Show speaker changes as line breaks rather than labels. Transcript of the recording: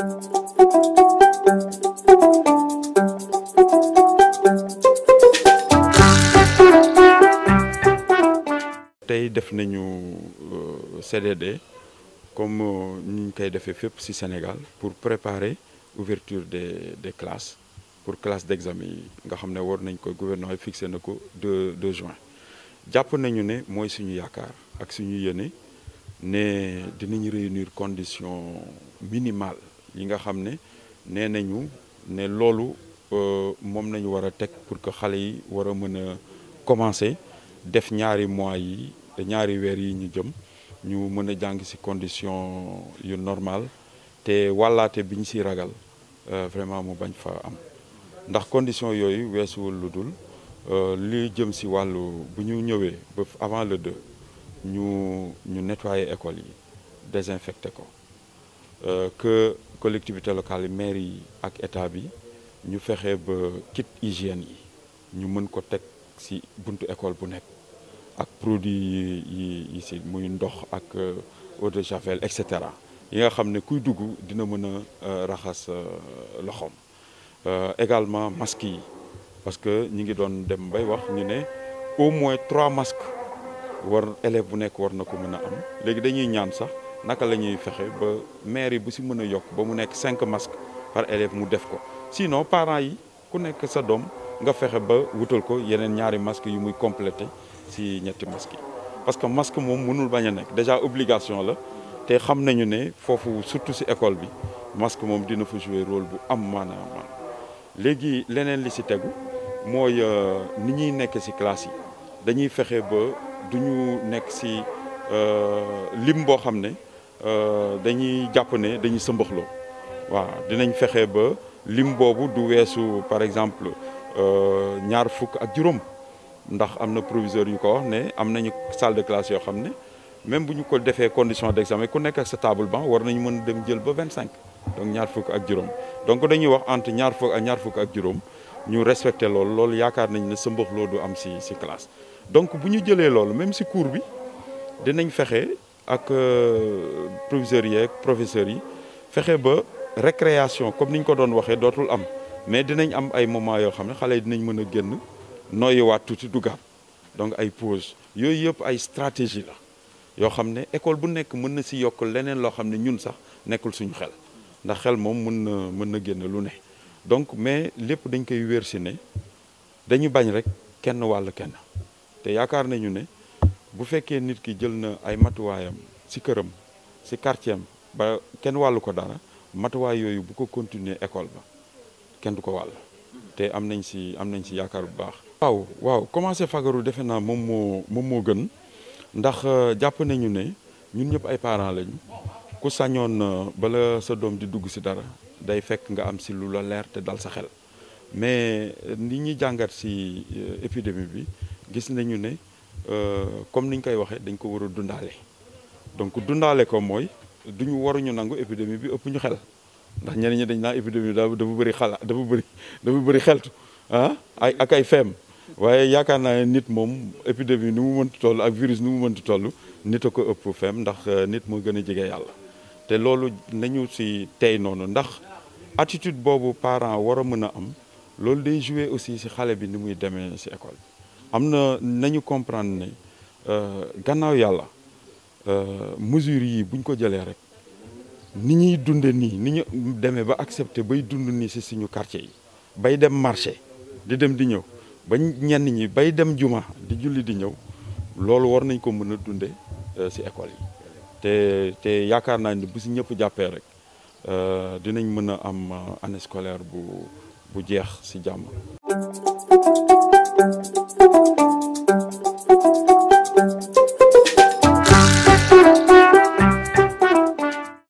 tey def nañu euh, CDD comme euh, ni ñu koy defee fépp ci Sénégal pour préparer ouverture des des classes pour classe d'examen yi nga xam ne war nañ ko gouvernement yi fixé na ko 2 juin jàpp nañu ne mooy suñu yaakaar ak suñu yéene ne dinañ réunir conditions minimales yi nga xam ne nee nañu ne loolu euh, moom nañu war a teg pour que xale yi war a mën a commencer def ñaari mois yi ñaari weer yi ñu jëm ñu mën a jàng ci condition yu normal te wallaate bi ñu ci ragal euh, vraiment mu bañ fa am ndax condition yooyu weesuwul lu dul euh, li jëm si wàllu bu ñu ñëwee ba avant le de ñu ñu nettoyer école yi désinfecté ko que collectivité locale yi maire yi ak état bi ñu fexe ba kit hygiène yi ñu mën ko teg ci buntu école bu nekk ak produit yi yi ci muy ndox ak euh, eau de javel et cetera yi nga xam ne kuy dugg dina mën a euh, raxas euh, loxoom également masques yi parce que ñu ngi doon dem mbay wax ñu ne au moins trois masques war élève bu nekk war na ko mën a am léegi dañuy ñaan sax naka la ñuy fexe ba mairie bu si mën a yokk ba mu nekk cinq masques par élève mu def ko sinon parents yi ku nekk sa doom nga fexe ba wutal ko yeneen ñaari masques yi muy complété si ñetti masques parce que masque moom mënul bañ a nekk déjà obligation la te xam nañu ne foofu surtout si école bi masque moom dina fa jouer role bu am maanaam maanaam léegi leneen li si tegu mooy euh, ni ñuy nekke si classe yi dañuy fexe ba du ñu nekk si euh, lim boo xam ne Euh, dañuy jàpp ne dañuy sëmbaxloo waaw dinañ fexe ba lim boobu du weesu par exemple euh, ñaar fukk ak juróom ndax am na proviseur yu ko wax ne am nañu salle de classe yoo xam ne même bu ñu ko defee condition d'examen ku nekk ak sa table banc war nañu mën dem jël ba vingt cinq donc ñaar fukk ak juróom donc dañuy wax entre ñaar fukk ak ñaar fukk ak juróom ñu respecté loolu loolu yaakaar nañ ne sëmbaxloo du am si si classe donc bu ñu jëlee loolu même si cours bi dinañ fexe. ak euh, proviseurs yi ak professeurs yi fexe ba récréation comme niñ ko doon waxee dootul am mais dinañ am ay moment yoo xam ne xale yi dinañ mën a génn noyyiwaat tuuti dugaat donc ay pause yooyu yëpp ay stratégie la yoo xam ne école bu nekk mën na si yokk leneen loo xam ne ñun sax nekkul suñu xel ndax xel moom mën na mën na génn lu ne donc mais lépp dañ koy wér si ne dañu bañ rek kenn wàll kenn te yaakaar nañu ne bu fekkee nit ki jël na ay matuwaayam si këram si quartier ba kenn wàllu ko dara matuwaay yooyu bu ko continuer école ba kenn du ko wàll te am nañ si am nañ si yaakaar bu baax. waaw waaw commencé fagaru defe naa moom moo moom moo gën ndax euh, jàpp nañu ne ñun ñëpp ay parents lañu ku sañoon euh, bala sa doom di dugg si dara day fekk nga am si lu la leer te dal sa xel mais euh, nit ñi jàngat si épidémie bi gis nañu ne. Euh, comme ni ñu koy waxee dañ ko war a dundaale donc dundaale ko mooy duñu waruñu nangu épidémie bi ëpp ñu xel ndax ñeneen ñi dañ naa épidémie dafa bëri xala dafa bëri dafa bëri xeltu ah ay ak ay feem waaye yaakaar naa nit moom épidémie ni mu mënti toll ak virus ni mu mënti toll nit a ko ëpp feem ndax euh, nit moo gën a jege yàlla te loolu nañu si tey noonu ndax attitude boobu parent war mën a am loolu day jouer aussi si xale bi nu muy demee si école am na nañu comprendre ne euh, gannaaw yàlla euh, mesures yi buñ ko jëlee rek ni ñuy dunde nii ni ñu demee ba accepté bay dund nii si suñu quartier yi bay dem marché di dem di ñëw ba ñenn ñi bay dem juma di julli di ñëw loolu war nañ ko mën a dunde euh, si école yi te te yaakaar naa ni bu si ñëpp jàppee rek dinañ mën a am année scolaire bu bu jeex si jàmm